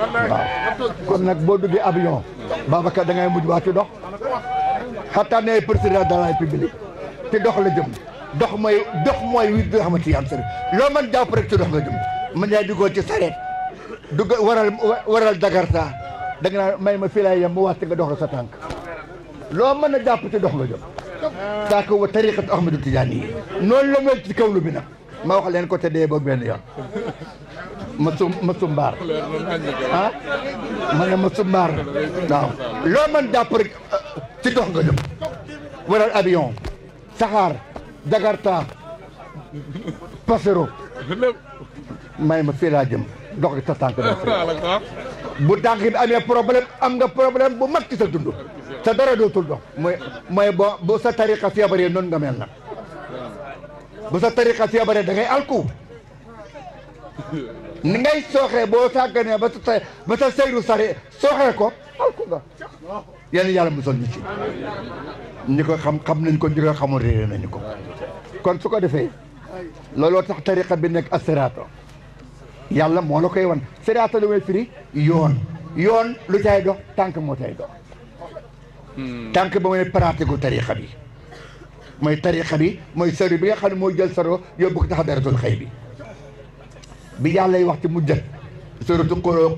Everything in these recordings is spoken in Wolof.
waaw kon nag boo duggee avion Babacar da ngay mujj waa ci dox xataa ne président de la république ci dox la jëm dox mooy dox mooy wit bi nga xamante ni am solo loo mën jàpp rek ci dox nga jëm ma naa duggoo ci sareet dugg waral waral Jakarta da naa naan may ma fii laay yem mu wàcc nga doxal sa tànk loo mën a jàpp ci dox la jëm saa ko wa tariqatu Ahmadu Tijaani yi noonu la mel ci kawlu bi nag ma wax leen ko te dee boog benn yoon mësum mësum mbaar ah ma ne mësum mbaar waaw loo mën avion jakarta pasero may ma fii laa jëm dox gi sa tànk bu tànk bi amee problème am nga problème bu mag ci sa dund sa dara dootul dox bu sa bu alku ni ngay sooxee boo sàgganee ba ta ba ta sayru sare sooxee ko alku nga yéen yàlla musal ñu ci ñi ko xam xam nañ ko ñi ko xamul réere nañu ko kon su ko defee looloo tax tariqa bi nekk asiraato yàlla moo la koy wan siraato lu may firi yoon yoon lu cay dox tànk moo cay dox tànk ba mooy pratique u tariqa bi mooy tariqa bi mooy sëri bi nga xam ne mooy jël saro yóbbu ko tax daratul xëy bi بيالي وقت مجة سورة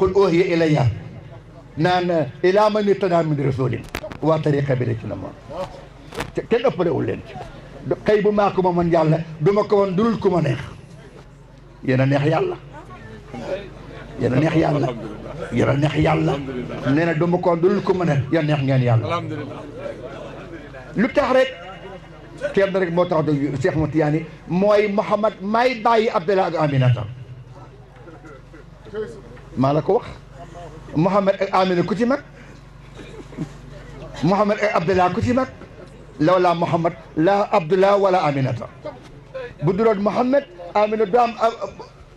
قل أوهي إليا نانا إلى من يتنا من رسول وطريقة بلك نما كن أفضل أقول لنت قيب ماكم من يالي دمكم من دلكم نيخ ينا نيخ يالي ينا نيخ يالي ينا نيخ يالي ننا دمكم دلكم نيخ ينا نيخ يالي الحمد لله لو تحرك كيف درك موتا شيخ موتياني موي محمد ماي داي عبد الله امينه maa la ko wax Mouhamed ay Amina ku ci mag Mouhamed ak Abdullah ku ci mag laa Mouhamed la Abdullah wala Aminata bu duroon Mouhamed Amina du am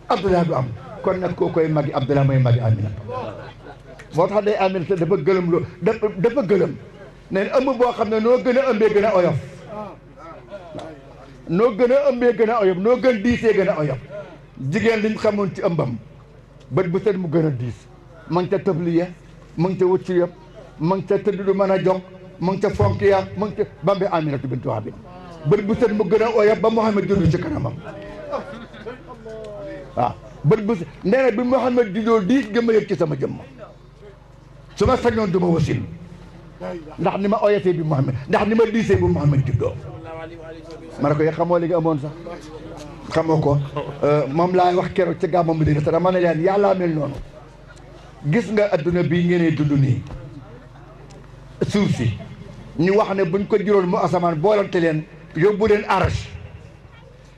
Abdullah du am kon nag koo koy magi Abdullah mooy magi Aminata boo tax day Aminata dafa gëlëm lu dafa dafa gëlëm ne ëmb boo xam ne noo gën a ëmbee gën a oyof noo gën a ëmbee gën a oyof noo gën diisee gën oyof jigéen liñ xamoon ci ëmbam bët bu set mu gën a diis ma ngi ca tëbliya ma ngi ca wëcc yëpp ma ngi ca tëdd du mën a jog ma ngi ca fonk ya ma ngi ca bambi aminatu bintu Wahab bët bu set mu gën a ooya ba Mouhamed jund ci kanamam waaw bët bu set nee na bi di jundoo diis gëma yëg ci sama jëmm su ma sañoon du ma wasin ndax ni ma oyatee bi Mouhamed ndax ni ma diisee bu Mouhamed juddoo ma ne ko ya xamoo li nga amoon sax xamoo ko euh, moom laay wax keroog ca gàmmu Madina te dama ne leen yàllaa noonu gis nga adduna bi ngeen dund nii suuf si ñu wax ne buñ ko juróon mu asamaan boolante leen yóbbu leen arach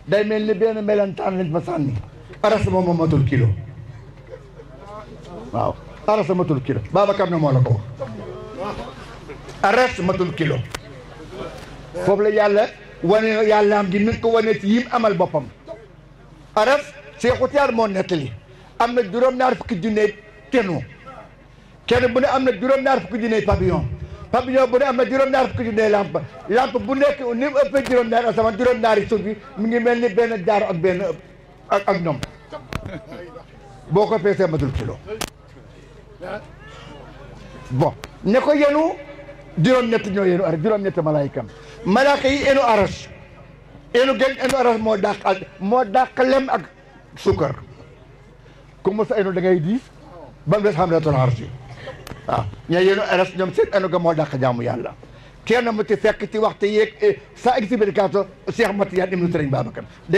day mel ni benn melentaan lañ fa sànni arach moom moom matul kilo waaw arach matul kilo Babacar na moo la ko wax arach matul kilo foofu la yàlla wane yàllaam gi ni ko wane ci yim amal boppam أرف سيقطع المون نتلي أم الدروم نعرف كدينيت كنو كان بنا أم الدروم نعرف كدينيت بابيون بابيون بنا أم الدروم نعرف كدينيت لامب لامب بنا كونيم أب الدروم نعرف سما الدروم نعرف سوبي من يمين بين الدار أب بين أب أب نوم بوكا فيس يا مدرب كيلو بون نكو ينو دروم نتلي ينو أرف دروم نتلي ملايكم ملاكي ينو أرش inu géej inu orange moo dàq ak moo dàq lem ak suukar ku mu sa inu da ngay diis ba mu des xam ne tool arsi waaw ña yéenu orange ñoom seen inu ga moo dàq jaamu yàlla kenn mu ci fekk ci waxtu yeeg eh, sa explication Cheikh Matiyaan ibnu Sëriñ Babacar